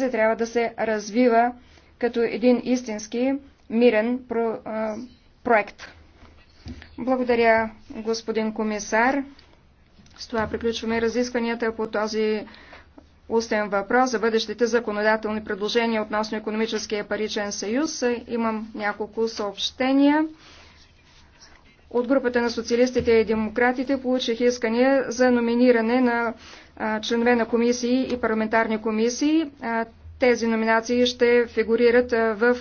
се трябва да се развива като един истински мирен про, а, проект. Благодаря, господин комисар. С това приключваме разискванията по този устен въпрос за бъдещите законодателни предложения относно економическия паричен съюз. Имам няколко съобщения. От групата на социалистите и демократите получих искания за номиниране на членове на комисии и парламентарни комисии. Тези номинации ще фигурират в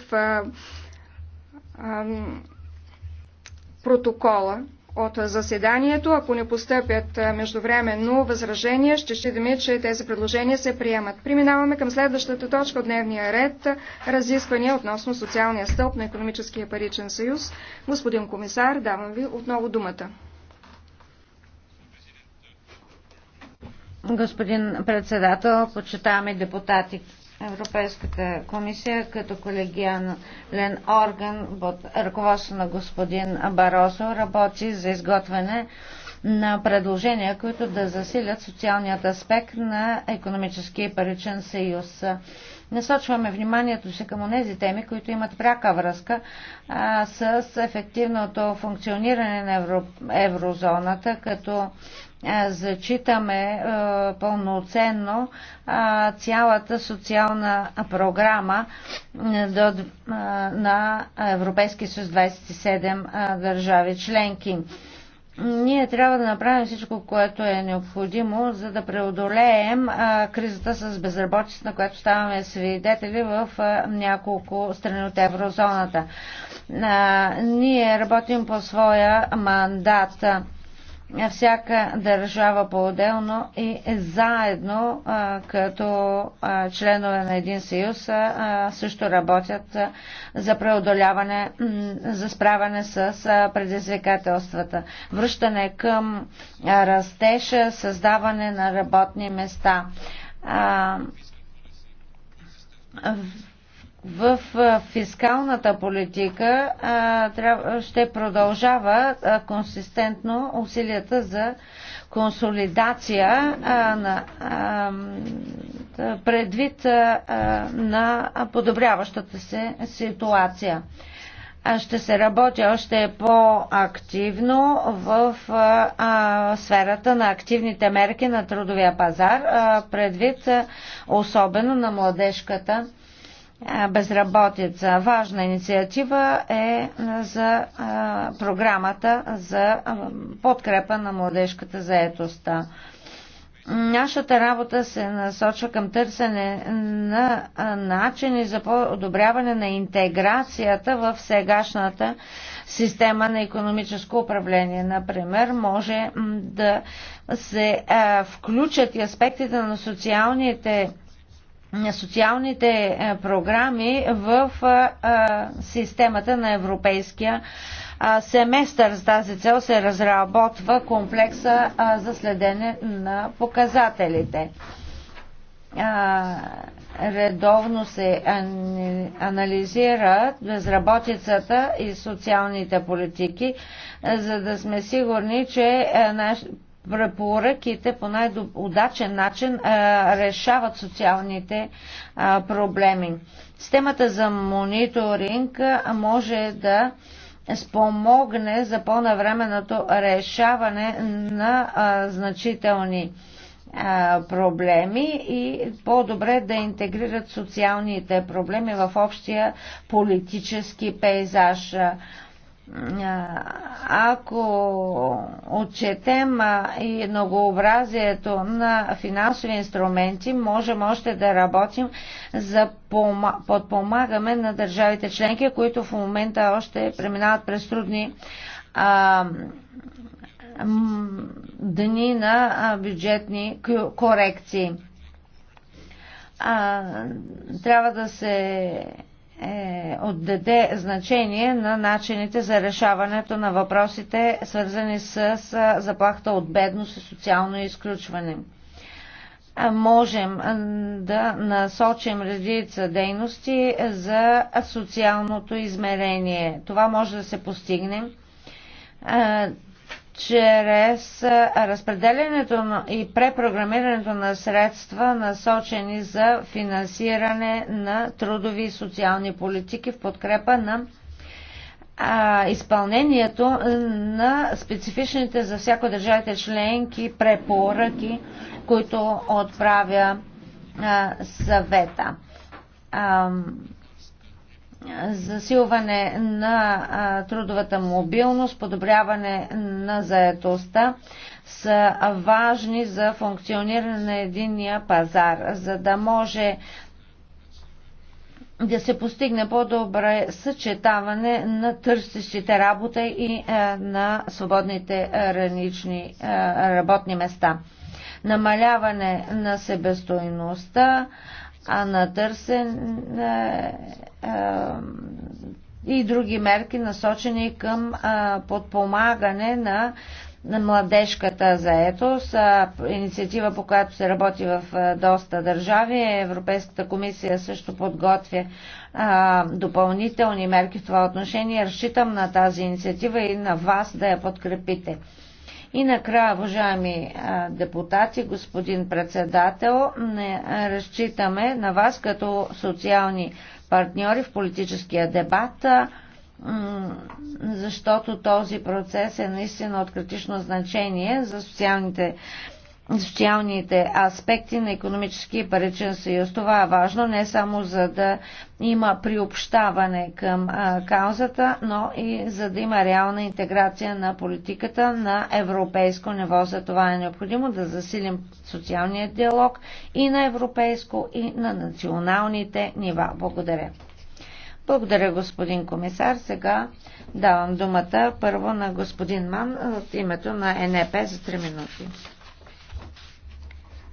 протокола от заседанието. Ако не постъпят междувременно възражения, ще считаме, че тези предложения се приемат. Преминаваме към следващата точка от дневния ред – разисквания относно социалния стълб на економическия паричен съюз. Господин комисар, давам ви отново думата. Господин председател, почитаваме депутати, Европейската комисия като колегиален орган под ръководство на господин Баросо работи за изготвяне на предложения, които да засилят социалният аспект на економическия и паричен съюз. Насочваме вниманието си към тези теми, които имат пряка връзка а, с ефективното функциониране на евро, еврозоната, като зачитаме пълноценно цялата социална програма на Европейския съюз 27 държави членки. Ние трябва да направим всичко, което е необходимо, за да преодолеем а, кризата с безработица, на която ставаме свидетели в а, няколко страни от еврозоната. А, ние работим по своя мандат всяка държава по-отделно и заедно като членове на един съюз също работят за преодоляване, за справяне с предизвикателствата. Връщане към растеж, създаване на работни места в фискалната политика ще продължава консистентно усилията за консолидация на предвид на подобряващата се ситуация. Ще се работи още по-активно в сферата на активните мерки на трудовия пазар, предвид особено на младежката безработица. Важна инициатива е за програмата за подкрепа на младежката заетост. Нашата работа се насочва към търсене на начини за подобряване на интеграцията в сегашната система на економическо управление. Например, може да се включат и аспектите на социалните социалните е, програми в е, е, системата на Европейския семестър. С тази цел се разработва комплекса за следене на показателите. Редовно се анализира безработицата и социалните политики, за да сме сигурни, че препоръките по най-удачен начин решават социалните проблеми. Системата за мониторинг може да спомогне за по-навременното решаване на значителни проблеми и по-добре да интегрират социалните проблеми в общия политически пейзаж ако отчетем и многообразието на финансови инструменти, можем още да работим за подпомагаме на държавите членки, които в момента още преминават през трудни а, дни на бюджетни корекции. А, трябва да се е, отдаде значение на начините за решаването на въпросите, свързани с, с заплахата от бедност и социално изключване. Можем да насочим редица дейности за социалното измерение. Това може да се постигне чрез разпределянето и препрограмирането на средства, насочени за финансиране на трудови и социални политики в подкрепа на изпълнението на специфичните за всяко държавите членки препоръки, които отправя съвета засилване на трудовата мобилност, подобряване на заетостта са важни за функциониране на единния пазар, за да може да се постигне по-добре съчетаване на търсещите работа и е, на свободните е, ранични е, работни места. Намаляване на себестойността, а на търсен е, е, и други мерки насочени към е, подпомагане на на младежката заетост, инициатива по която се работи в доста държави. Европейската комисия също подготвя а, допълнителни мерки в това отношение. Разчитам на тази инициатива и на вас да я подкрепите. И накрая, уважаеми депутати, господин председател, не разчитаме на вас като социални партньори в политическия дебат, защото този процес е наистина от критично значение за социалните социалните аспекти на економически и паричен съюз. Това е важно не само за да има приобщаване към а, каузата, но и за да има реална интеграция на политиката на европейско ниво. За това е необходимо да засилим социалния диалог и на европейско, и на националните нива. Благодаря. Благодаря, господин комисар. Сега давам думата първо на господин Ман от името на НП е за 3 минути.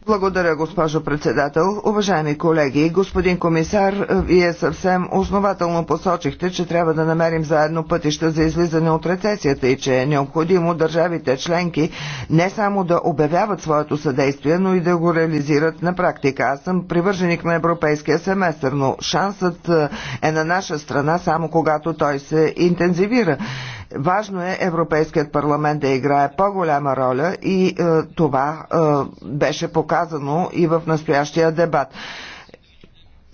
Благодаря, госпожо председател. Уважаеми колеги, господин комисар, вие съвсем основателно посочихте, че трябва да намерим заедно пътища за излизане от рецесията и че е необходимо държавите членки не само да обявяват своето съдействие, но и да го реализират на практика. Аз съм привърженик на европейския семестър, но шансът е на наша страна само когато той се интензивира. Важно е Европейският парламент да играе по-голяма роля и е, това е, беше показано и в настоящия дебат.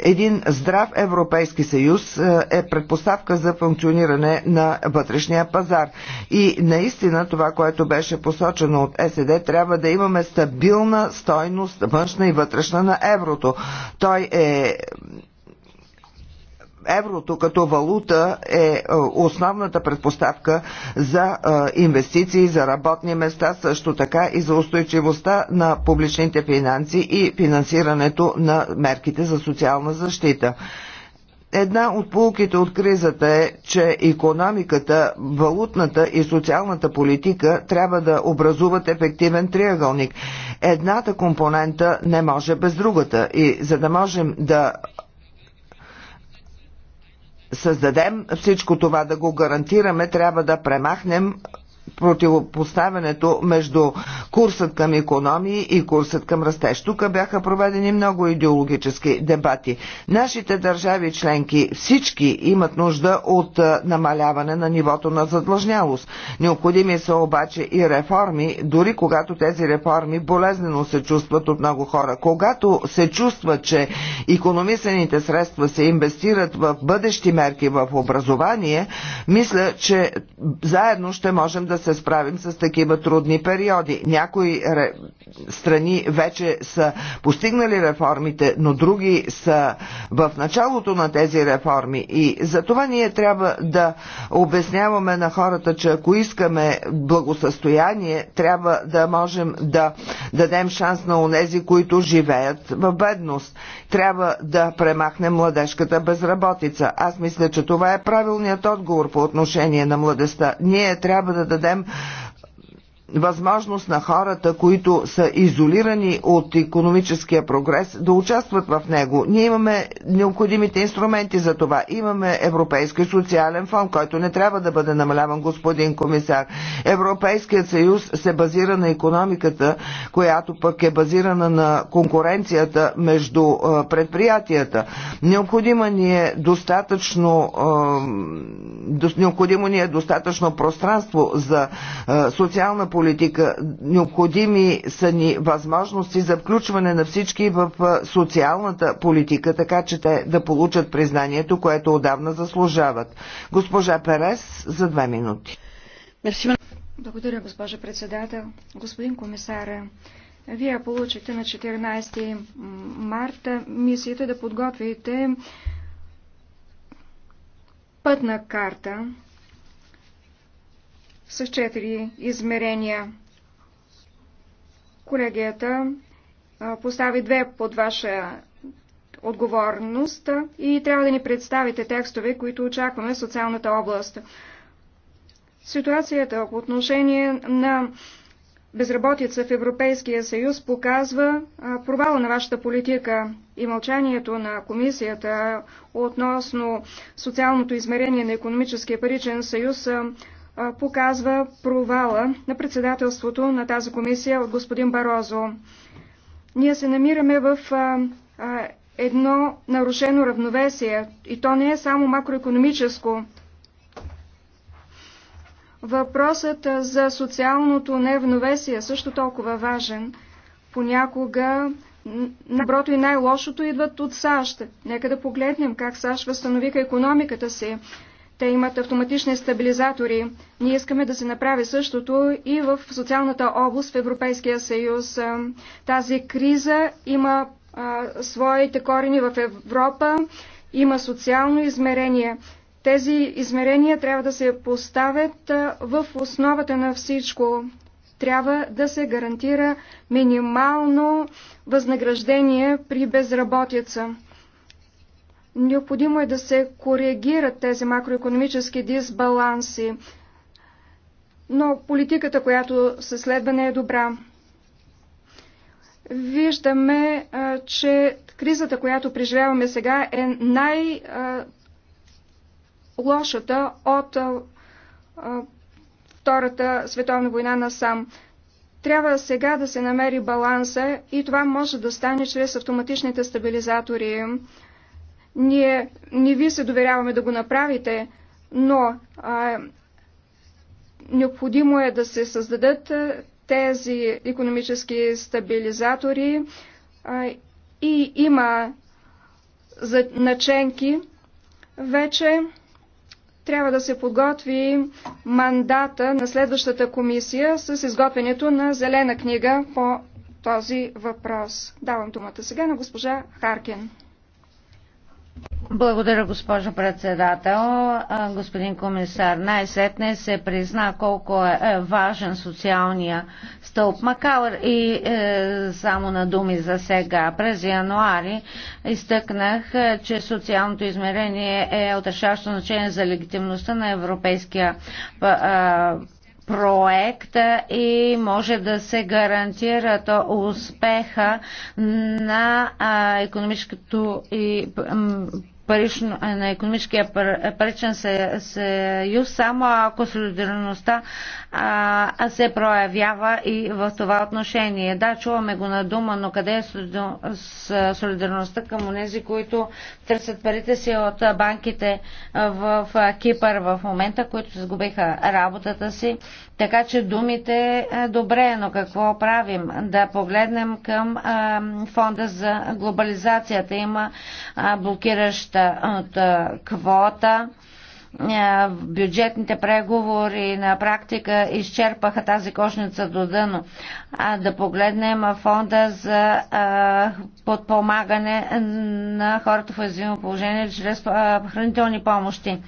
Един здрав Европейски съюз е, е предпоставка за функциониране на вътрешния пазар. И наистина това, което беше посочено от е СД, трябва да имаме стабилна стойност външна и вътрешна на еврото. Той е еврото като валута е, е основната предпоставка за е, инвестиции, за работни места, също така и за устойчивостта на публичните финанси и финансирането на мерките за социална защита. Една от полуките от кризата е, че економиката, валутната и социалната политика трябва да образуват ефективен триъгълник. Едната компонента не може без другата и за да можем да създадем всичко това, да го гарантираме, трябва да премахнем противопоставянето между курсът към економии и курсът към растеж. Тук бяха проведени много идеологически дебати. Нашите държави членки всички имат нужда от намаляване на нивото на задлъжнялост. Необходими са обаче и реформи, дори когато тези реформи болезнено се чувстват от много хора. Когато се чувства, че економисаните средства се инвестират в бъдещи мерки в образование, мисля, че заедно ще можем да да се справим с такива трудни периоди. Някои ре... страни вече са постигнали реформите, но други са в началото на тези реформи. И за това ние трябва да обясняваме на хората, че ако искаме благосъстояние, трябва да можем да дадем шанс на онези, които живеят в бедност. Трябва да премахнем младежката безработица. Аз мисля, че това е правилният отговор по отношение на младеста. Ние трябва да дадем дадем възможност на хората, които са изолирани от економическия прогрес, да участват в него. Ние имаме необходимите инструменти за това. Имаме Европейски социален фонд, който не трябва да бъде намаляван, господин комисар. Европейският съюз се базира на економиката, която пък е базирана на конкуренцията между предприятията. Необходимо ни е достатъчно, необходимо ни е достатъчно пространство за социална политика политика. Необходими са ни възможности за включване на всички в социалната политика, така че те да получат признанието, което отдавна заслужават. Госпожа Перес за две минути. Благодаря, госпожа председател. Господин комисар, вие получите на 14 марта мисията да подготвите пътна карта с четири измерения. Колегията постави две под ваша отговорност и трябва да ни представите текстове, които очакваме в социалната област. Ситуацията по отношение на безработица в Европейския съюз показва провала на вашата политика и мълчанието на комисията относно социалното измерение на економическия паричен съюз показва провала на председателството на тази комисия от господин Барозо. Ние се намираме в едно нарушено равновесие и то не е само макроекономическо. Въпросът за социалното неравновесие е също толкова важен. Понякога наброто и най-лошото идват от САЩ. Нека да погледнем как САЩ възстановиха економиката си. Те имат автоматични стабилизатори. Ние искаме да се направи същото и в социалната област в Европейския съюз. Тази криза има а, своите корени в Европа, има социално измерение. Тези измерения трябва да се поставят в основата на всичко. Трябва да се гарантира минимално възнаграждение при безработица. Необходимо е да се коригират тези макроекономически дисбаланси, но политиката, която се следва, не е добра. Виждаме, че кризата, която преживяваме сега, е най-лошата от Втората световна война насам. Трябва сега да се намери баланса и това може да стане чрез автоматичните стабилизатори. Ние не ви се доверяваме да го направите, но а, необходимо е да се създадат тези економически стабилизатори а, и има за наченки вече трябва да се подготви мандата на следващата комисия с изготвянето на зелена книга по този въпрос. Давам думата сега на госпожа Харкен. Благодаря, госпожо председател. Господин комисар, най-сетне се призна колко е, е важен социалния стълб, макар и е, само на думи за сега. През януари изтъкнах, е, че социалното измерение е отрешаващо значение за легитимността на европейския проект и може да се то успеха на економическото и парично, на економическия паричен съюз, само ако солидарността а, се проявява и в това отношение. Да, чуваме го на дума, но къде е солидарността към тези, които търсят парите си от банките в Кипър в момента, които сгубиха работата си. Така че думите добре, но какво правим? Да погледнем към фонда за глобализацията. Има блокираща от квота. Е, бюджетните преговори на практика изчерпаха тази кошница до дъно. А да погледнем фонда за е, подпомагане на хората в уязвимо положение чрез е, хранителни помощи.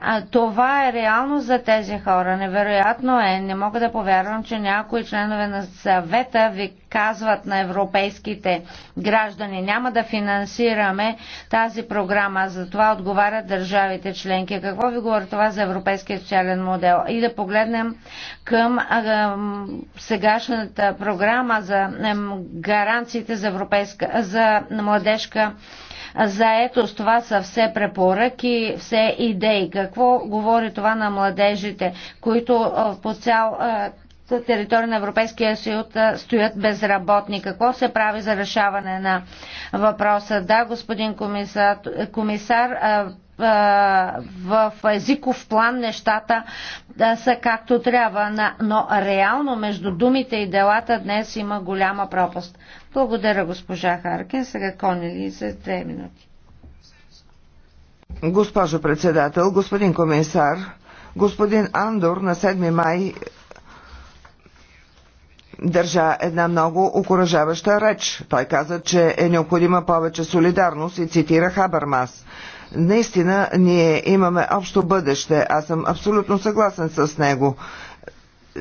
А, това е реално за тези хора. Невероятно е. Не мога да повярвам, че някои членове на съвета ви казват на европейските граждани, няма да финансираме тази програма. За това отговарят държавите членки. Какво ви говори това за европейския социален модел? И да погледнем към сегашната програма за гаранциите за, европейска, за младежка заетост. Това са все препоръки, все идеи. Какво говори това на младежите, които по цял територия на Европейския съюз стоят безработни. Какво се прави за решаване на въпроса? Да, господин комисар, комисар в езиков план нещата да са както трябва, но реално между думите и делата днес има голяма пропаст. Благодаря, госпожа Харкен. Сега Конели за две минути. Госпожо председател, господин комисар, господин Андор на 7 май държа една много окоръжаваща реч. Той каза, че е необходима повече солидарност и цитира Хабермас. Наистина, ние имаме общо бъдеще. Аз съм абсолютно съгласен с него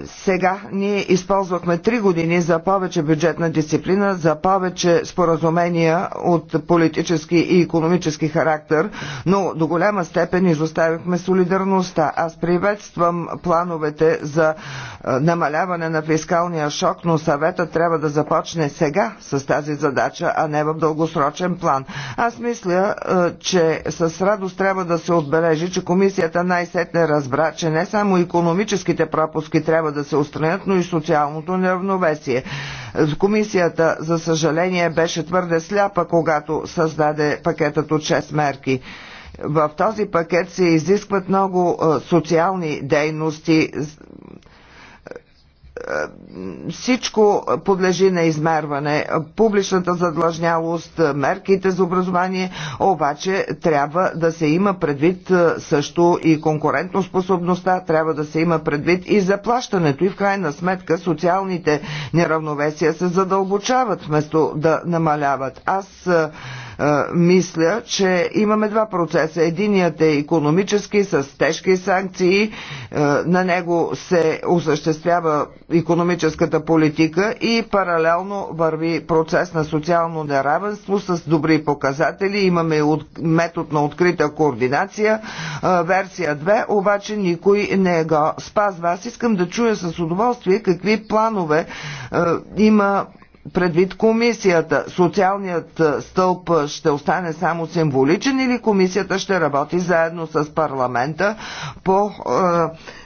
сега ние използвахме три години за повече бюджетна дисциплина, за повече споразумения от политически и економически характер, но до голяма степен изоставихме солидарността. Аз приветствам плановете за е, намаляване на фискалния шок, но съвета трябва да започне сега с тази задача, а не в дългосрочен план. Аз мисля, е, че с радост трябва да се отбележи, че комисията най-сетне разбра, че не само економическите пропуски трябва трябва да се устранят, но и социалното неравновесие. Комисията, за съжаление, беше твърде сляпа, когато създаде пакетът от 6 мерки. В този пакет се изискват много е, социални дейности, всичко подлежи на измерване. Публичната задлъжнялост, мерките за образование, обаче трябва да се има предвид също и конкурентоспособността, трябва да се има предвид и заплащането и в крайна сметка социалните неравновесия се задълбочават вместо да намаляват. Аз е, мисля, че имаме два процеса. Единият е економически, с тежки санкции. Е, на него се осъществява економическата политика и паралелно върви процес на социално неравенство с добри показатели. Имаме метод на открита координация. Е, версия 2 обаче никой не го спазва. Аз искам да чуя с удоволствие какви планове има предвид комисията, социалният стълб ще остане само символичен или комисията ще работи заедно с парламента по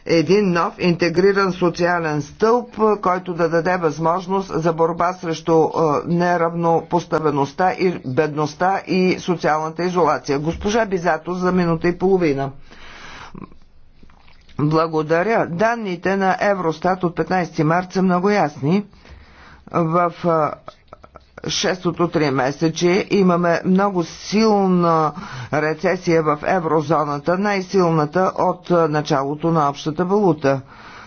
е, един нов интегриран социален стълб, който да даде възможност за борба срещу е, неравнопоставеността и бедността и социалната изолация. Госпожа Бизато за минута и половина. Благодаря. Данните на Евростат от 15 марта са много ясни в шестото три месече имаме много силна рецесия в еврозоната, най-силната от началото на общата валута.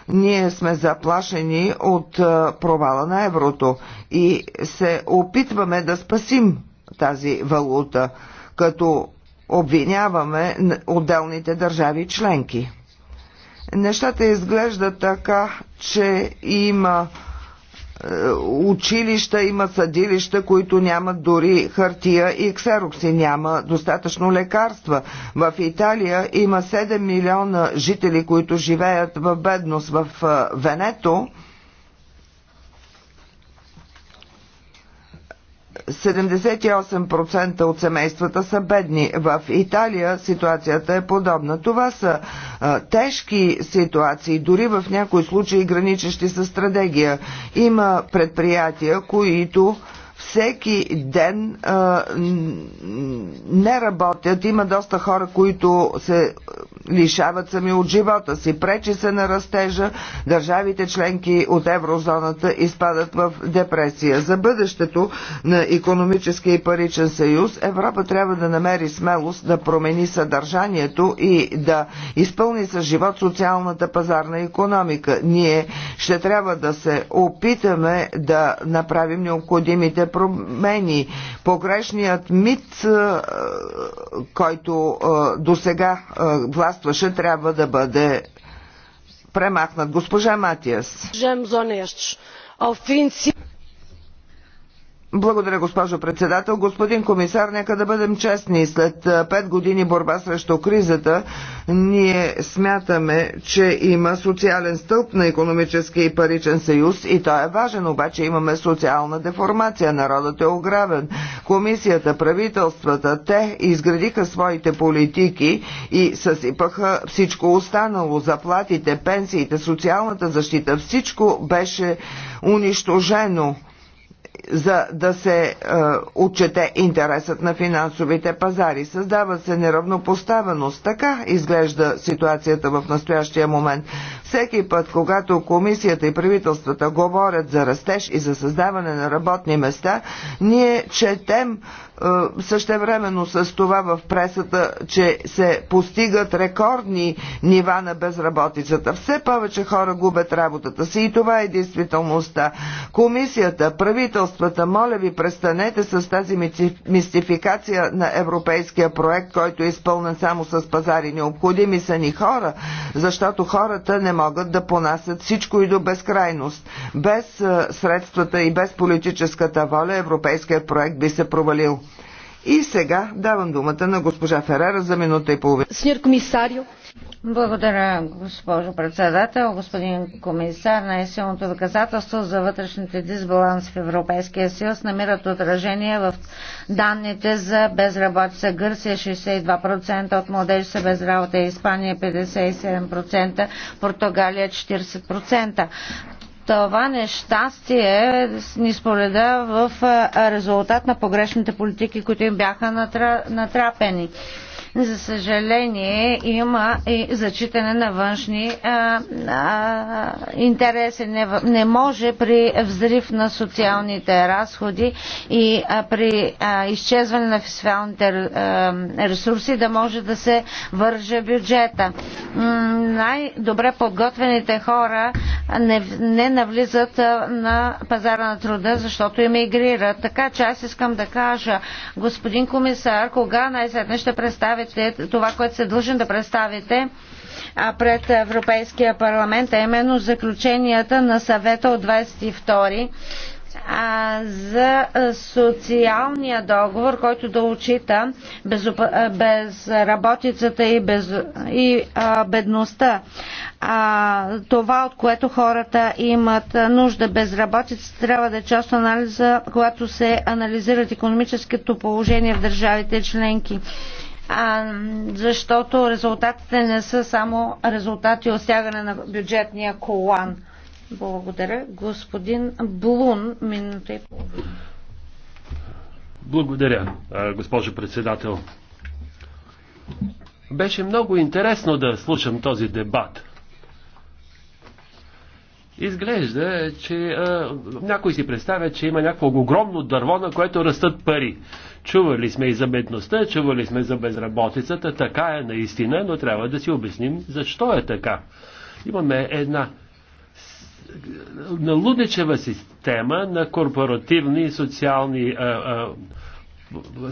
Ние сме заплашени от провала на еврото и се опитваме да спасим тази валута, като обвиняваме отделните държави членки. Нещата изглеждат така, че има е, училища, има съдилища, които нямат дори хартия и ксерокси, няма достатъчно лекарства. В Италия има 7 милиона жители, които живеят в бедност. В е, Венето 78% от семействата са бедни. В Италия ситуацията е подобна. Това са а, тежки ситуации, дори в някои случаи граничещи с стратегия. Има предприятия, които всеки ден а, не работят. Има доста хора, които се лишават сами от живота си. Пречи се на растежа. Държавите членки от еврозоната изпадат в депресия. За бъдещето на економическия и паричен съюз Европа трябва да намери смелост да промени съдържанието и да изпълни с живот социалната пазарна економика. Ние ще трябва да се опитаме да направим необходимите промени. Погрешният мит, който до сега властваше, трябва да бъде премахнат. Госпожа Матиас. Благодаря, госпожо председател. Господин комисар, нека да бъдем честни. След пет години борба срещу кризата, ние смятаме, че има социален стълб на економически и паричен съюз и той е важен, обаче имаме социална деформация. Народът е ограбен. Комисията, правителствата, те изградиха своите политики и съсипаха всичко останало. Заплатите, пенсиите, социалната защита, всичко беше унищожено за да се е, отчете интересът на финансовите пазари. Създава се неравнопоставеност. Така изглежда ситуацията в настоящия момент. Всеки път, когато комисията и правителствата говорят за растеж и за създаване на работни места, ние четем е, същевременно с това в пресата, че се постигат рекордни нива на безработицата. Все повече хора губят работата си и това е действителността. Комисията, правителствата, моля ви, престанете с тази мистификация на европейския проект, който е изпълнен само с пазари. Необходими са ни хора, защото хората не могат могат да понасят всичко и до безкрайност. Без средствата и без политическата воля европейският проект би се провалил. И сега давам думата на госпожа Ферара за минута и половина. Сеньор комисарио, благодаря, госпожо председател. Господин комисар, най-силното доказателство за вътрешните дисбаланс в Европейския съюз намират отражение в данните за безработица. Гърция 62% от младежи са без работа, Испания 57%, Португалия 40% това нещастие ни спореда в резултат на погрешните политики, които им бяха натрапени. За съжаление има и зачитане на външни а, а, интереси. Не, не може при взрив на социалните разходи и а, при а, изчезване на фискалните ресурси да може да се върже бюджета. най-добре подготвените хора не, не навлизат на пазара на труда, защото емигрират. Така че аз искам да кажа, господин комисар, кога най-сетне ще представи представите това, което се дължен да представите пред Европейския парламент, а именно заключенията на съвета от 22 за социалния договор, който да отчита безработицата и, без, и а, бедността. А, това, от което хората имат нужда. Безработицата трябва да е част от анализа, когато се анализират економическото положение в държавите членки а, защото резултатите не са само резултати от стягане на бюджетния колан. Благодаря. Господин Блун, минута и половина. Благодаря, госпожо председател. Беше много интересно да слушам този дебат. Изглежда, че а, някой си представя, че има някакво огромно дърво, на което растат пари. Чували сме и за бедността, чували сме за безработицата, така е наистина, но трябва да си обясним защо е така. Имаме една налудничева система на корпоративни и социални а, а,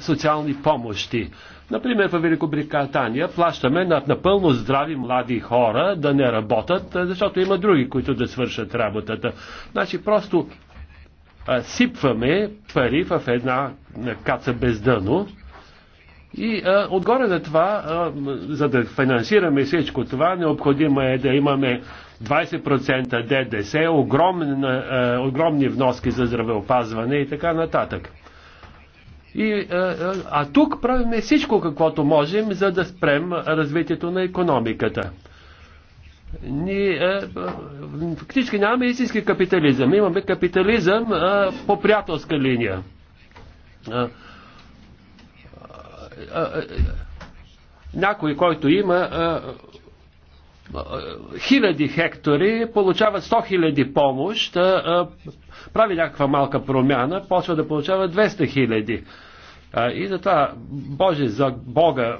социални помощи. Например, в Великобритания плащаме на напълно здрави млади хора да не работят, защото има други, които да свършат работата. Значи просто а, сипваме пари в една каца без дъно и а, отгоре на това, а, за да финансираме всичко това, необходимо е да имаме 20% ДДС, огромна, а, огромни вноски за здравеопазване и така нататък. И, а, е, е, а тук правиме всичко каквото можем, за да спрем развитието на економиката. Ние е, фактически нямаме истински капитализъм. Имаме капитализъм а, по приятелска линия. А, а, някой, който има хиляди хектори, получават 100 хиляди помощ, прави някаква малка промяна, почва да получава 200 хиляди. И затова, Боже, за Бога,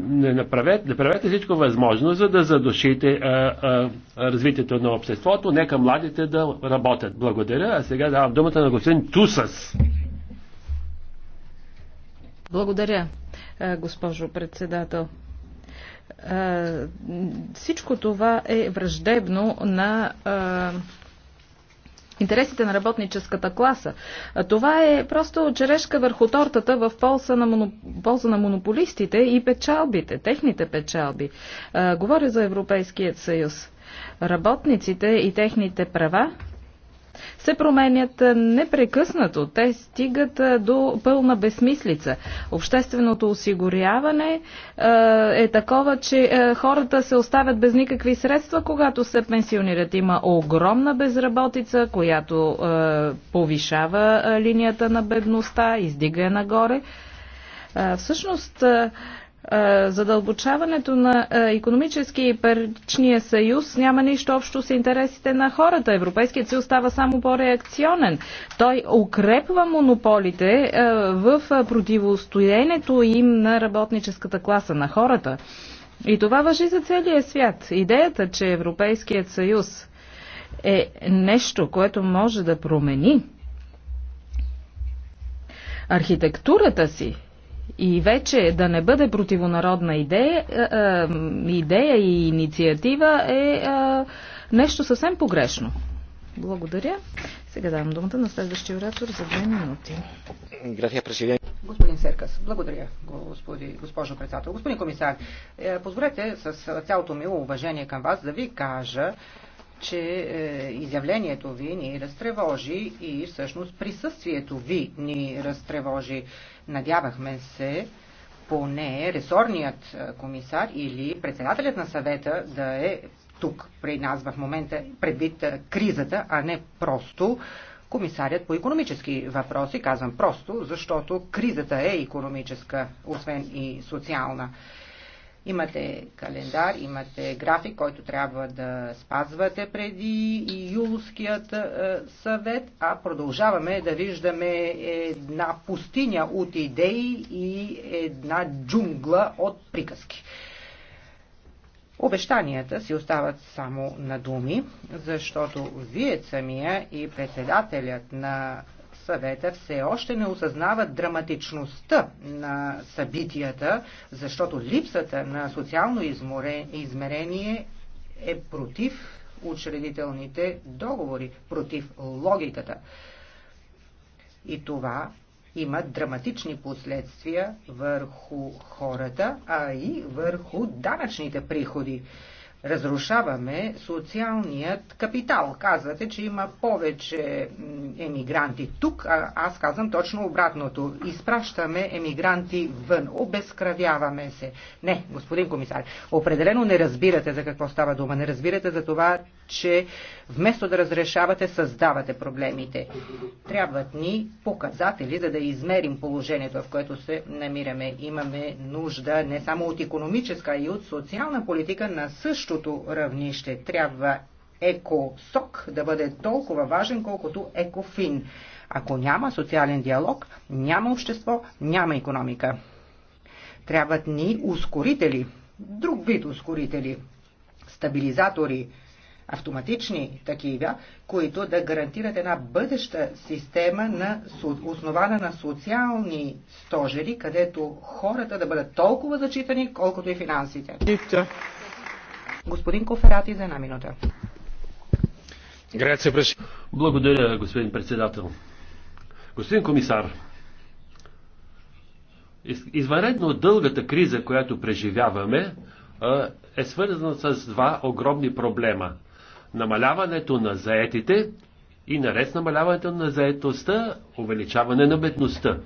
не, направете, не правете всичко възможно, за да задушите а, а, развитието на обществото. Нека младите да работят. Благодаря. А сега давам думата на господин Тусас. Благодаря, госпожо председател всичко това е враждебно на интересите на работническата класа. Това е просто черешка върху тортата в полза на, моноп... полза на монополистите и печалбите, техните печалби. Говоря за Европейският съюз. Работниците и техните права се променят непрекъснато. Те стигат до пълна безсмислица. Общественото осигуряване е такова, че хората се оставят без никакви средства, когато се пенсионират. Има огромна безработица, която повишава линията на бедността, издига я нагоре. Всъщност, Задълбочаването на економически и паричния съюз няма нищо общо с интересите на хората. Европейският съюз става само по-реакционен. Той укрепва монополите в противостоянието им на работническата класа, на хората. И това въжи за целия свят. Идеята, че Европейският съюз е нещо, което може да промени архитектурата си, и вече да не бъде противонародна идея, е, е, идея и инициатива е, е нещо съвсем погрешно. Благодаря. Сега давам думата на следващия оратор за две минути. Господин Серкас, благодаря, господи, госпожо председател. Господин комисар, позволете с цялото мило уважение към вас да ви кажа, че е, изявлението ви ни разтревожи и всъщност присъствието ви ни разтревожи. Надявахме се поне ресорният е, комисар или председателят на съвета да е тук при нас в момента предвид е, кризата, а не просто комисарят по економически въпроси. Казвам просто, защото кризата е економическа, освен и социална. Имате календар, имате график, който трябва да спазвате преди юлският е, съвет, а продължаваме да виждаме една пустиня от идеи и една джунгла от приказки. Обещанията си остават само на думи, защото вие самия и председателят на съвета все още не осъзнава драматичността на събитията, защото липсата на социално измерение е против учредителните договори, против логиката. И това има драматични последствия върху хората, а и върху данъчните приходи разрушаваме социалният капитал. Казвате, че има повече емигранти тук, а аз казвам точно обратното. Изпращаме емигранти вън, обезкравяваме се. Не, господин комисар, определено не разбирате за какво става дума. Не разбирате за това, че вместо да разрешавате, създавате проблемите. Трябват ни показатели, за да измерим положението, в което се намираме. Имаме нужда не само от економическа, а и от социална политика на също общото равнище. Трябва екосок да бъде толкова важен, колкото екофин. Ако няма социален диалог, няма общество, няма економика. Трябват ни ускорители, друг вид ускорители, стабилизатори, автоматични такива, които да гарантират една бъдеща система на, основана на социални стожери, където хората да бъдат толкова зачитани, колкото и финансите. Господин Коферати за една минута. Благодаря, господин председател. Господин комисар, извънредно дългата криза, която преживяваме, е свързана с два огромни проблема. Намаляването на заетите и наред с намаляването на заетостта, увеличаване на бедността.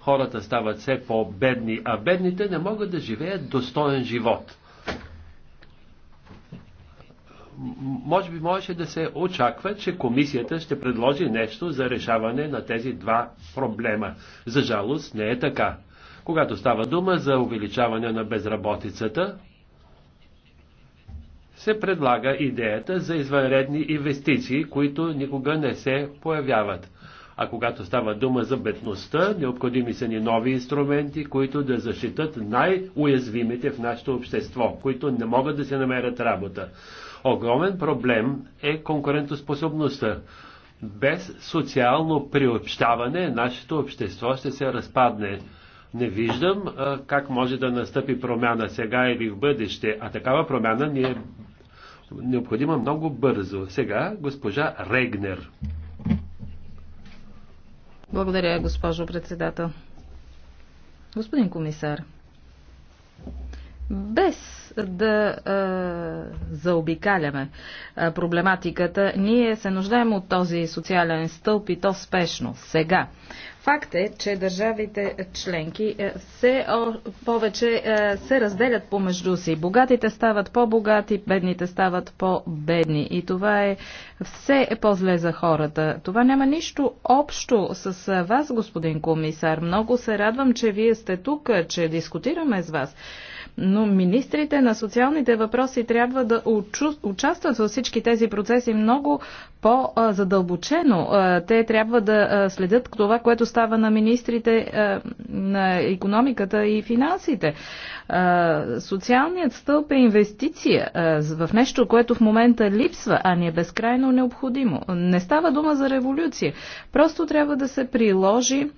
Хората стават все по-бедни, а бедните не могат да живеят достоен живот може би можеше да се очаква, че комисията ще предложи нещо за решаване на тези два проблема. За жалост не е така. Когато става дума за увеличаване на безработицата, се предлага идеята за извънредни инвестиции, които никога не се появяват. А когато става дума за бедността, необходими са ни нови инструменти, които да защитат най-уязвимите в нашето общество, които не могат да се намерят работа огромен проблем е конкурентоспособността. Без социално приобщаване нашето общество ще се разпадне. Не виждам а, как може да настъпи промяна сега или в бъдеще, а такава промяна ни е необходима много бързо. Сега госпожа Регнер. Благодаря, госпожо председател. Господин комисар, без да а, заобикаляме а, проблематиката. Ние се нуждаем от този социален стълб и то спешно, сега. Факт е, че държавите членки е, все повече е, се разделят помежду си. Богатите стават по-богати, бедните стават по-бедни. И това е все е по-зле за хората. Това няма нищо общо с е, вас, господин комисар. Много се радвам, че вие сте тук, че дискутираме с вас но министрите на социалните въпроси трябва да участват във всички тези процеси много по-задълбочено. Те трябва да следят това, което става на министрите на економиката и финансите. Социалният стълб е инвестиция в нещо, което в момента липсва, а ни е безкрайно необходимо. Не става дума за революция. Просто трябва да се приложи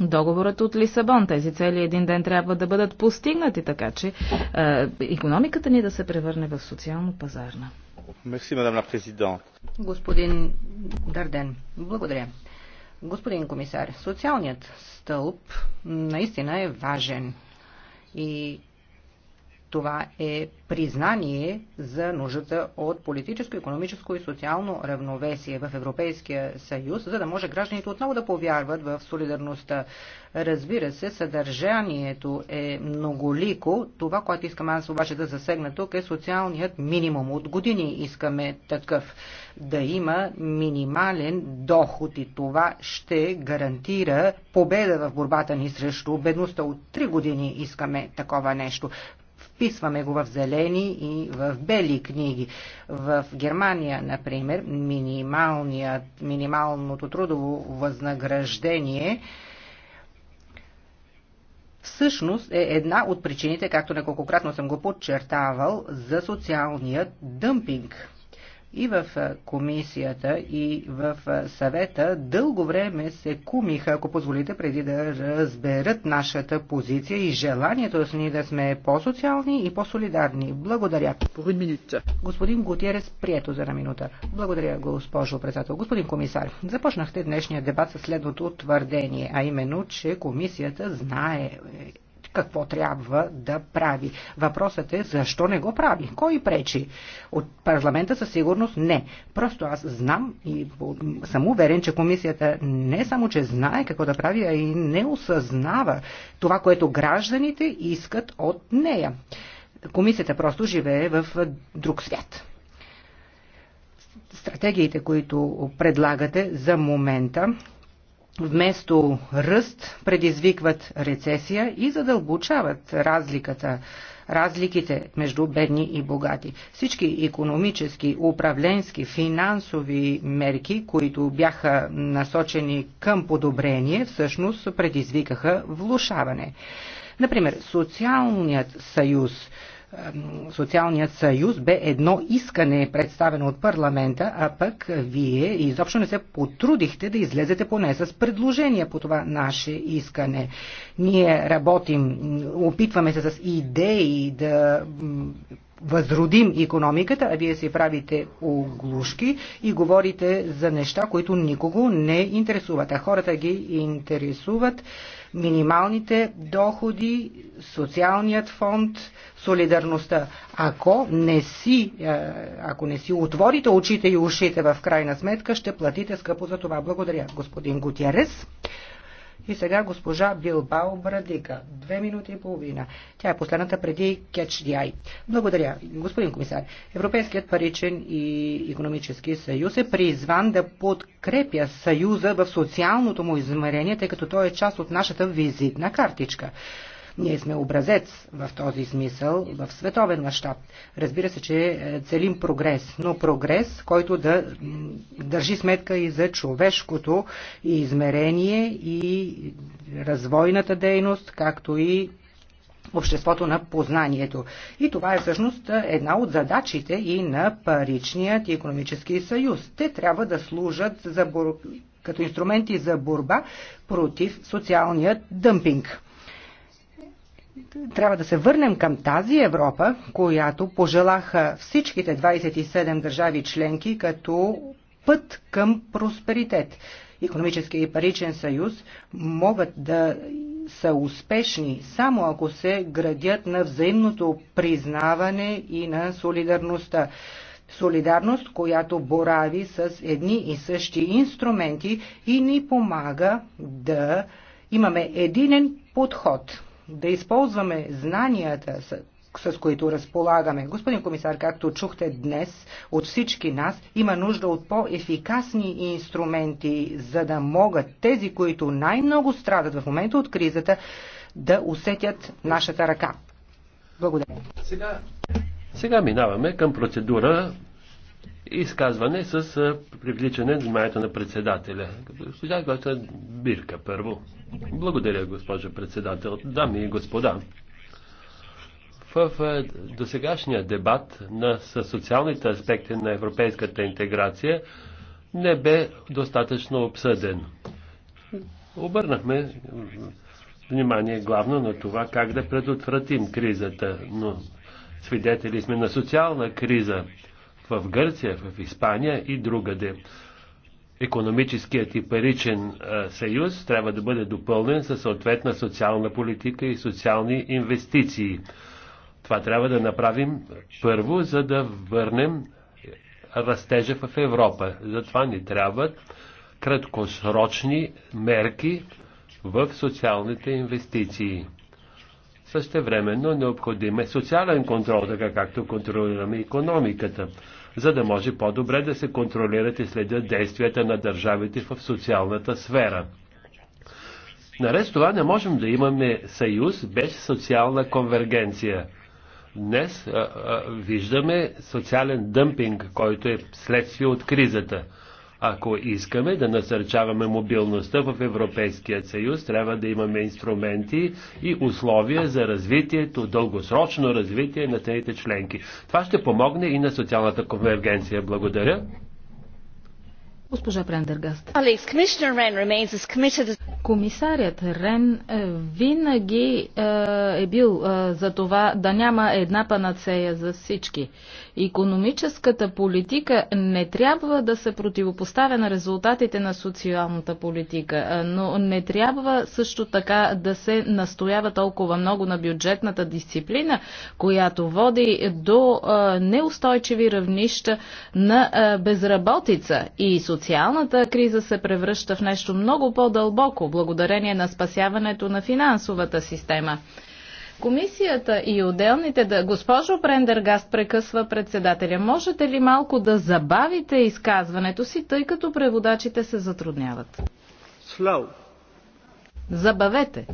договорът от Лисабон. Тези цели един ден трябва да бъдат постигнати, така че е, економиката ни да се превърне в социално-пазарна. Мерси, мадам президент. Господин Дарден, благодаря. Господин комисар, социалният стълб наистина е важен и това е признание за нуждата от политическо, економическо и социално равновесие в Европейския съюз, за да може гражданите отново да повярват в солидарността. Разбира се, съдържанието е многолико. Това, което искам аз обаче да засегна тук е социалният минимум. От години искаме такъв. Да има минимален доход и това ще гарантира победа в борбата ни срещу бедността. От три години искаме такова нещо вписваме го в зелени и в бели книги. В Германия, например, минималното трудово възнаграждение всъщност е една от причините, както неколкократно съм го подчертавал, за социалният дъмпинг. И в комисията, и в съвета дълго време се кумиха, ако позволите, преди да разберат нашата позиция и желанието с ни да сме по-социални и по-солидарни. Благодаря. Господин Гутиерес, прието за една минута. Благодаря, госпожо председател. Господин комисар, започнахте днешния дебат с следното твърдение, а именно, че комисията знае какво трябва да прави. Въпросът е защо не го прави? Кой пречи? От парламента със сигурност не. Просто аз знам и съм уверен, че комисията не само, че знае какво да прави, а и не осъзнава това, което гражданите искат от нея. Комисията просто живее в друг свят. Стратегиите, които предлагате за момента, вместо ръст предизвикват рецесия и задълбочават разликата, разликите между бедни и богати. Всички економически, управленски, финансови мерки, които бяха насочени към подобрение, всъщност предизвикаха влушаване. Например, социалният съюз социалният съюз бе едно искане представено от парламента, а пък вие изобщо не се потрудихте да излезете поне с предложение по това наше искане. Ние работим, опитваме се с идеи да възродим економиката, а вие си правите оглушки и говорите за неща, които никого не интересуват. А хората ги интересуват минималните доходи, социалният фонд, солидарността. Ако не си, е, ако не си отворите очите и ушите в крайна сметка, ще платите скъпо за това. Благодаря, господин Гутиерес. И сега госпожа Билбао Брадика. Две минути и половина. Тя е последната преди the Диай. Благодаря. Господин комисар, Европейският паричен и економически съюз е призван да подкрепя съюза в социалното му измерение, тъй като той е част от нашата визитна картичка. Ние сме образец в този смисъл в световен мащаб. Разбира се, че е, целим прогрес, но прогрес, който да държи сметка и за човешкото и измерение и развойната дейност, както и обществото на познанието. И това е всъщност е, една от задачите и на паричният и економически съюз. Те трябва да служат за бор... като инструменти за борба против социалният дъмпинг трябва да се върнем към тази Европа, която пожелаха всичките 27 държави членки като път към просперитет. Економически и паричен съюз могат да са успешни само ако се градят на взаимното признаване и на солидарността. Солидарност, която борави с едни и същи инструменти и ни помага да имаме единен подход да използваме знанията, с, с които разполагаме. Господин комисар, както чухте днес, от всички нас има нужда от по-ефикасни инструменти, за да могат тези, които най-много страдат в момента от кризата, да усетят нашата ръка. Благодаря. Сега, сега минаваме към процедура изказване с привличане на вниманието на председателя. Госпожа Гота е Бирка първо. Благодаря, госпожо председател. Дами и господа, в досегашния дебат на социалните аспекти на европейската интеграция не бе достатъчно обсъден. Обърнахме внимание главно на това как да предотвратим кризата, но свидетели сме на социална криза в Гърция, в Испания и другаде. Економическият и паричен съюз трябва да бъде допълнен със съответна социална политика и социални инвестиции. Това трябва да направим първо, за да върнем растежа в Европа. Затова ни трябват краткосрочни мерки в социалните инвестиции. Същевременно необходим е социален контрол, така както контролираме економиката за да може по-добре да се контролират и следят действията на държавите в социалната сфера. Наред с това не можем да имаме съюз без социална конвергенция. Днес а, а, виждаме социален дъмпинг, който е следствие от кризата. Ако искаме да насърчаваме мобилността в Европейския съюз, трябва да имаме инструменти и условия за развитието, дългосрочно развитие на страните членки. Това ще помогне и на социалната конвергенция. Благодаря. Госпожа Прендергаст. Комисарят Рен е, винаги е, е бил е, за това да няма една панацея за всички. Економическата политика не трябва да се противопоставя на резултатите на социалната политика, но не трябва също така да се настоява толкова много на бюджетната дисциплина, която води до неустойчиви равнища на безработица. И социалната криза се превръща в нещо много по-дълбоко, благодарение на спасяването на финансовата система. Комисията и отделните да... Госпожо Прендергаст прекъсва председателя. Можете ли малко да забавите изказването си, тъй като преводачите се затрудняват? Slow. Забавете.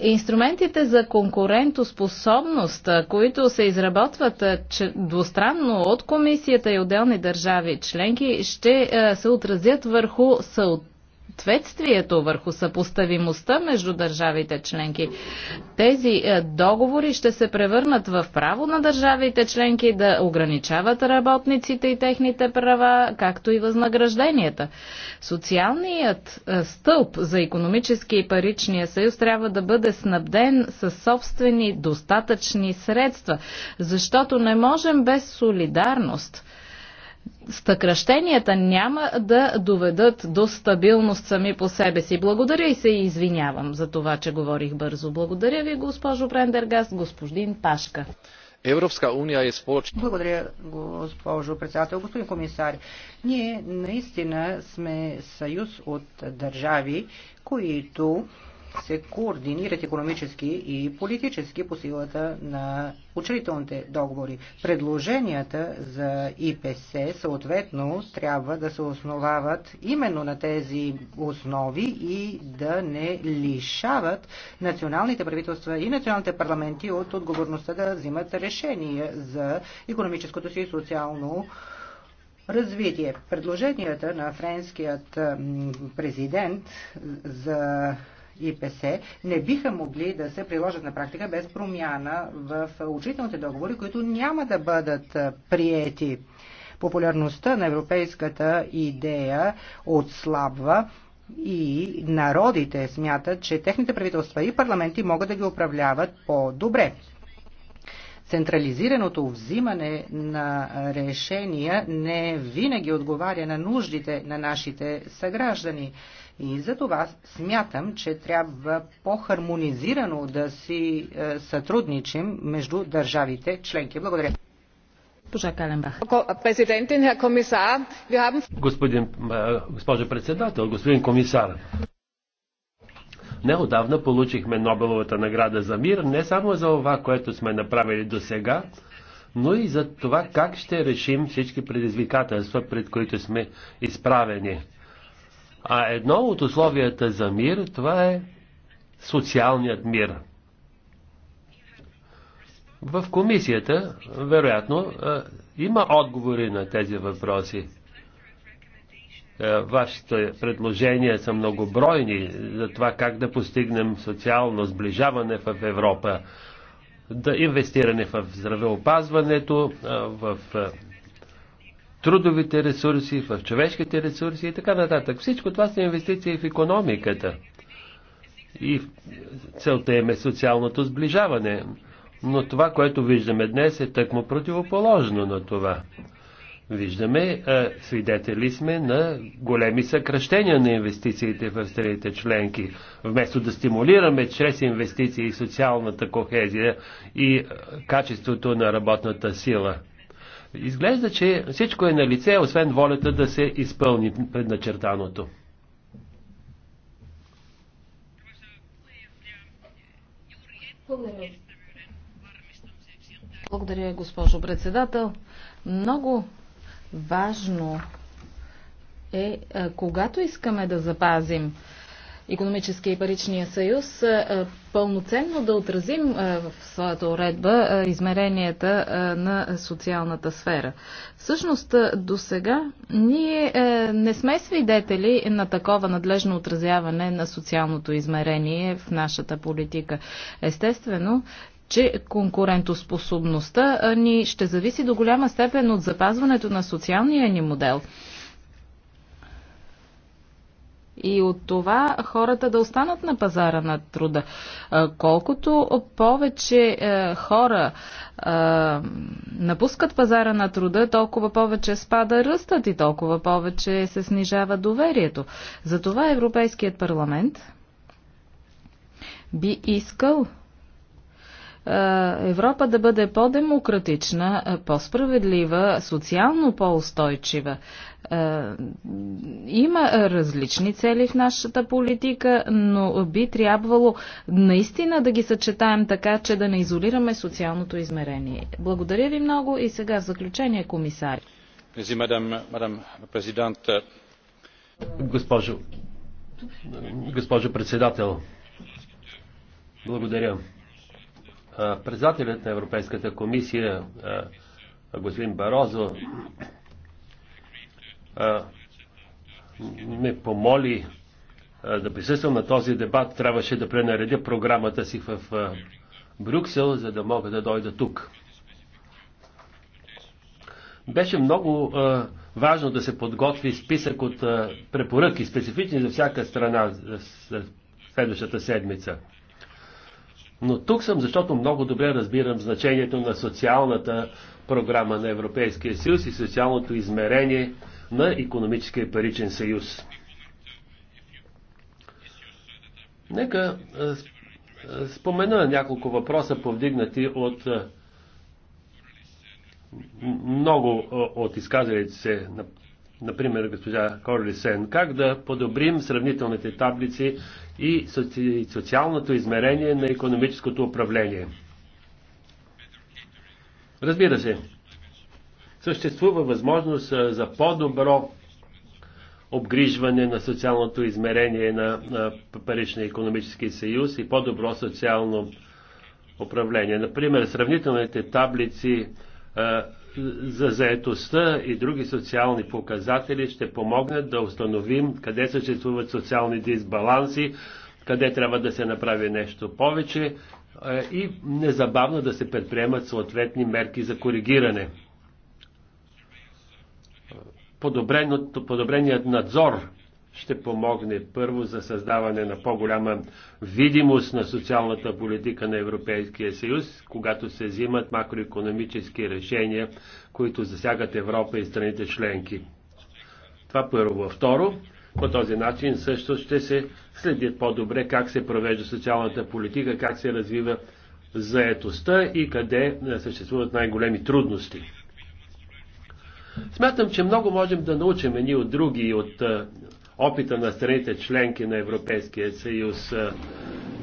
Инструментите за конкурентоспособност, които се изработват двустранно от комисията и отделни държави членки, ще се отразят върху съответствието съответствието, върху съпоставимостта между държавите членки. Тези е, договори ще се превърнат в право на държавите членки да ограничават работниците и техните права, както и възнагражденията. Социалният е, стълб за економически и паричния съюз трябва да бъде снабден с собствени достатъчни средства, защото не можем без солидарност – Съкръщенията няма да доведат до стабилност сами по себе си. Благодаря и се и извинявам за това, че говорих бързо. Благодаря ви, госпожо Прендергаст, господин Пашка. Европска уния е спочна. Благодаря, госпожо председател. Господин комисар, ние наистина сме съюз от държави, които се координират економически и политически по силата на учредителните договори. Предложенията за ИПС съответно трябва да се основават именно на тези основи и да не лишават националните правителства и националните парламенти от отговорността да взимат решения за економическото си и социално развитие. Предложенията на френският президент за ИПС не биха могли да се приложат на практика без промяна в учителните договори, които няма да бъдат приети. Популярността на европейската идея отслабва и народите смятат, че техните правителства и парламенти могат да ги управляват по-добре централизираното взимане на решения не винаги отговаря на нуждите на нашите съграждани. И за това смятам, че трябва по-хармонизирано да си е, сътрудничим между държавите членки. Благодаря. Господин, е, госпожо председател, господин комисар, Неодавна получихме Нобеловата награда за мир не само за това, което сме направили до сега, но и за това как ще решим всички предизвикателства, пред които сме изправени. А едно от условията за мир, това е социалният мир. В комисията, вероятно, има отговори на тези въпроси. Е, вашите предложения са многобройни за това как да постигнем социално сближаване в Европа, да инвестиране в здравеопазването, е, в е, трудовите ресурси, в човешките ресурси и така нататък. Всичко това са инвестиции в економиката. И целта им е социалното сближаване. Но това, което виждаме днес е тъкмо противоположно на това. Виждаме, свидетели сме на големи съкръщения на инвестициите в страните членки. Вместо да стимулираме чрез инвестиции и социалната кохезия и качеството на работната сила. Изглежда, че всичко е на лице, освен волята да се изпълни предначертаното. Благодаря. Благодаря, госпожо председател. Много важно е, когато искаме да запазим економическия и паричния съюз, пълноценно да отразим в своята уредба измеренията на социалната сфера. Всъщност, до сега ние не сме свидетели на такова надлежно отразяване на социалното измерение в нашата политика. Естествено, че конкурентоспособността ни ще зависи до голяма степен от запазването на социалния ни модел и от това хората да останат на пазара на труда. Колкото повече е, хора е, напускат пазара на труда, толкова повече спада ръстът и толкова повече се снижава доверието. Затова Европейският парламент би искал е, Европа да бъде по-демократична, е, по-справедлива, социално по-устойчива. Е, има различни цели в нашата политика, но би трябвало наистина да ги съчетаем така, че да не изолираме социалното измерение. Благодаря ви много и сега в заключение комисари. Госпожо, госпожо председател, благодаря. Председателят на Европейската комисия, господин Барозо, ме помоли да присъствам на този дебат. Трябваше да пренаредя програмата си в Брюксел, за да мога да дойда тук. Беше много а, важно да се подготви списък от а, препоръки, специфични за всяка страна за следващата седмица. Но тук съм, защото много добре разбирам значението на социалната програма на Европейския съюз и социалното измерение на економическия паричен съюз. Нека спомена няколко въпроса, повдигнати от много от изказалите се, например госпожа Сен, как да подобрим сравнителните таблици и соци... социалното измерение на економическото управление. Разбира се, съществува възможност за по-добро обгрижване на социалното измерение на, на Паричния економически съюз и по-добро социално управление. Например, сравнителните таблици за заетостта и други социални показатели ще помогнат да установим къде съществуват социални дисбаланси, къде трябва да се направи нещо повече е, и незабавно да се предприемат съответни мерки за коригиране. Подобреният надзор ще помогне първо за създаване на по-голяма видимост на социалната политика на Европейския съюз, когато се взимат макроекономически решения, които засягат Европа и страните членки. Това първо. Второ, по този начин също ще се следят по-добре как се провежда социалната политика, как се развива заетостта и къде е, съществуват най-големи трудности. Смятам, че много можем да научим едни от други, и от е, опита на страните членки на Европейския съюз. Е,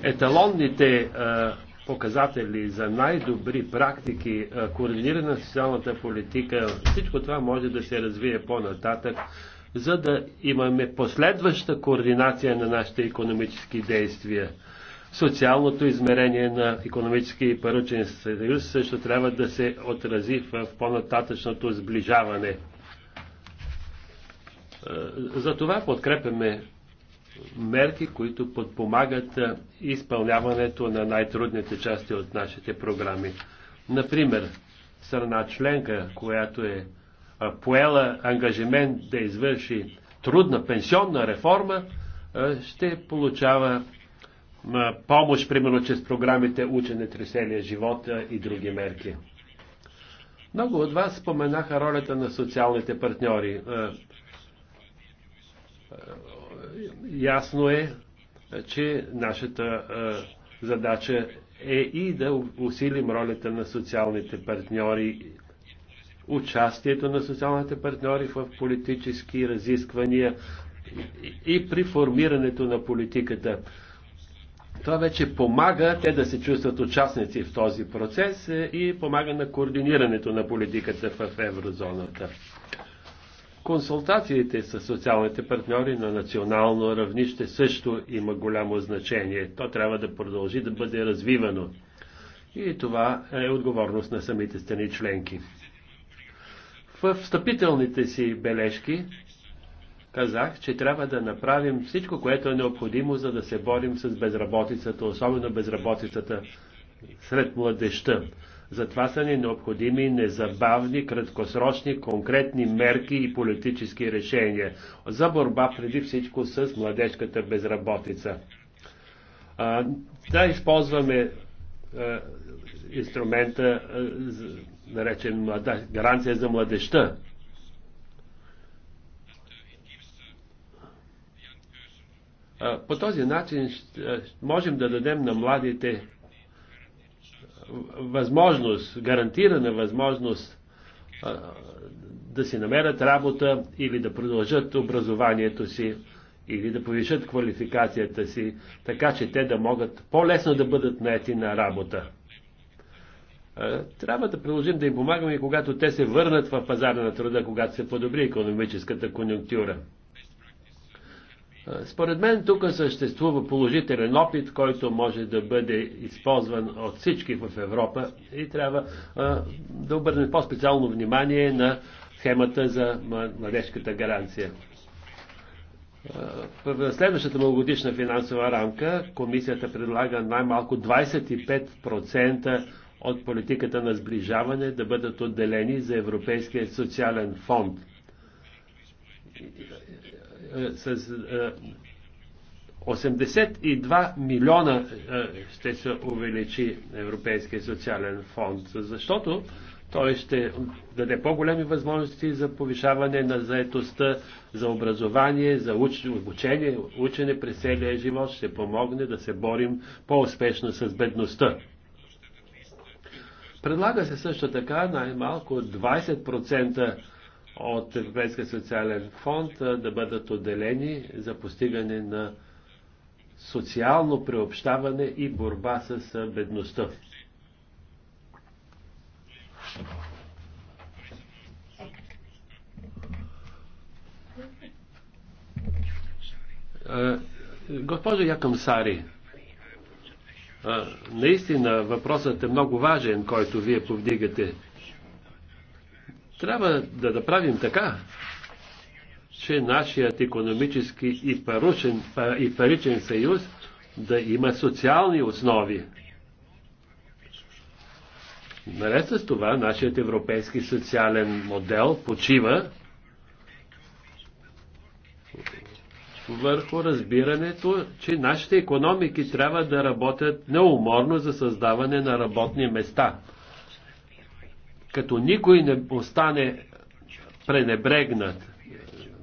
еталонните е, показатели за най-добри практики, е, координирана социалната политика, всичко това може да се развие по-нататък, за да имаме последваща координация на нашите економически действия. Социалното измерение на економически и паручен съюз също трябва да се отрази в по-нататъчното сближаване. Е, затова подкрепяме мерки, които подпомагат е, изпълняването на най-трудните части от нашите програми. Например, страна членка, която е, е поела ангажимент да извърши трудна пенсионна реформа, ще получава помощ, примерно, чрез програмите Учене през целия живот и други мерки. Много от вас споменаха ролята на социалните партньори. Ясно е, че нашата задача е и да усилим ролята на социалните партньори, участието на социалните партньори в политически разисквания и при формирането на политиката. Това вече помага те да се чувстват участници в този процес е, и помага на координирането на политиката в еврозоната. Консултациите с социалните партньори на национално равнище също има голямо значение. То трябва да продължи да бъде развивано. И това е отговорност на самите страни членки. В встъпителните си бележки казах, че трябва да направим всичко, което е необходимо, за да се борим с безработицата, особено безработицата сред младеща. Затова са ни необходими незабавни, краткосрочни, конкретни мерки и политически решения за борба преди всичко с младежката безработица. А, да използваме а, инструмента, а, наречен млада, гаранция за младеща. А, по този начин ще, можем да дадем на младите възможност, гарантирана възможност да си намерят работа или да продължат образованието си или да повишат квалификацията си, така че те да могат по-лесно да бъдат наети на работа. трябва да продължим да им помагаме, когато те се върнат в пазара на труда, когато се подобри економическата конъюнктура. Според мен тук съществува положителен опит, който може да бъде използван от всички в Европа и трябва да обърнем по-специално внимание на схемата за младежката гаранция. В следващата многогодишна финансова рамка комисията предлага най-малко 25% от политиката на сближаване да бъдат отделени за Европейския социален фонд е, с 82 е, милиона е, ще се увеличи Европейския социален фонд, защото той ще даде по-големи възможности за повишаване на заетостта, за образование, за обучение, учене през целия живот, ще помогне да се борим по-успешно с бедността. Предлага се също така най-малко 20% от Европейския социален фонд да бъдат отделени за постигане на социално приобщаване и борба с бедността. Госпожо Сари, наистина въпросът е много важен, който вие повдигате. Трябва да направим така, че нашият економически и, парушен, и паричен съюз да има социални основи. Наред с това, нашият европейски социален модел почива върху разбирането, че нашите економики трябва да работят неуморно за създаване на работни места – като никой не остане пренебрегнат.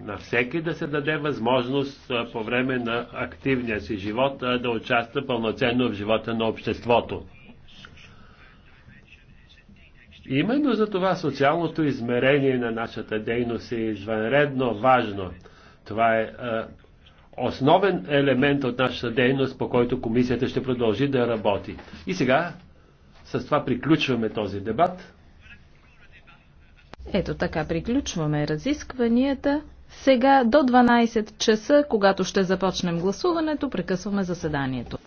На всеки да се даде възможност по време на активния си живот да участва пълноценно в живота на обществото. Именно за това социалното измерение на нашата дейност е извънредно важно. Това е основен елемент от нашата дейност, по който комисията ще продължи да работи. И сега с това приключваме този дебат. Ето така приключваме разискванията. Сега до 12 часа, когато ще започнем гласуването, прекъсваме заседанието.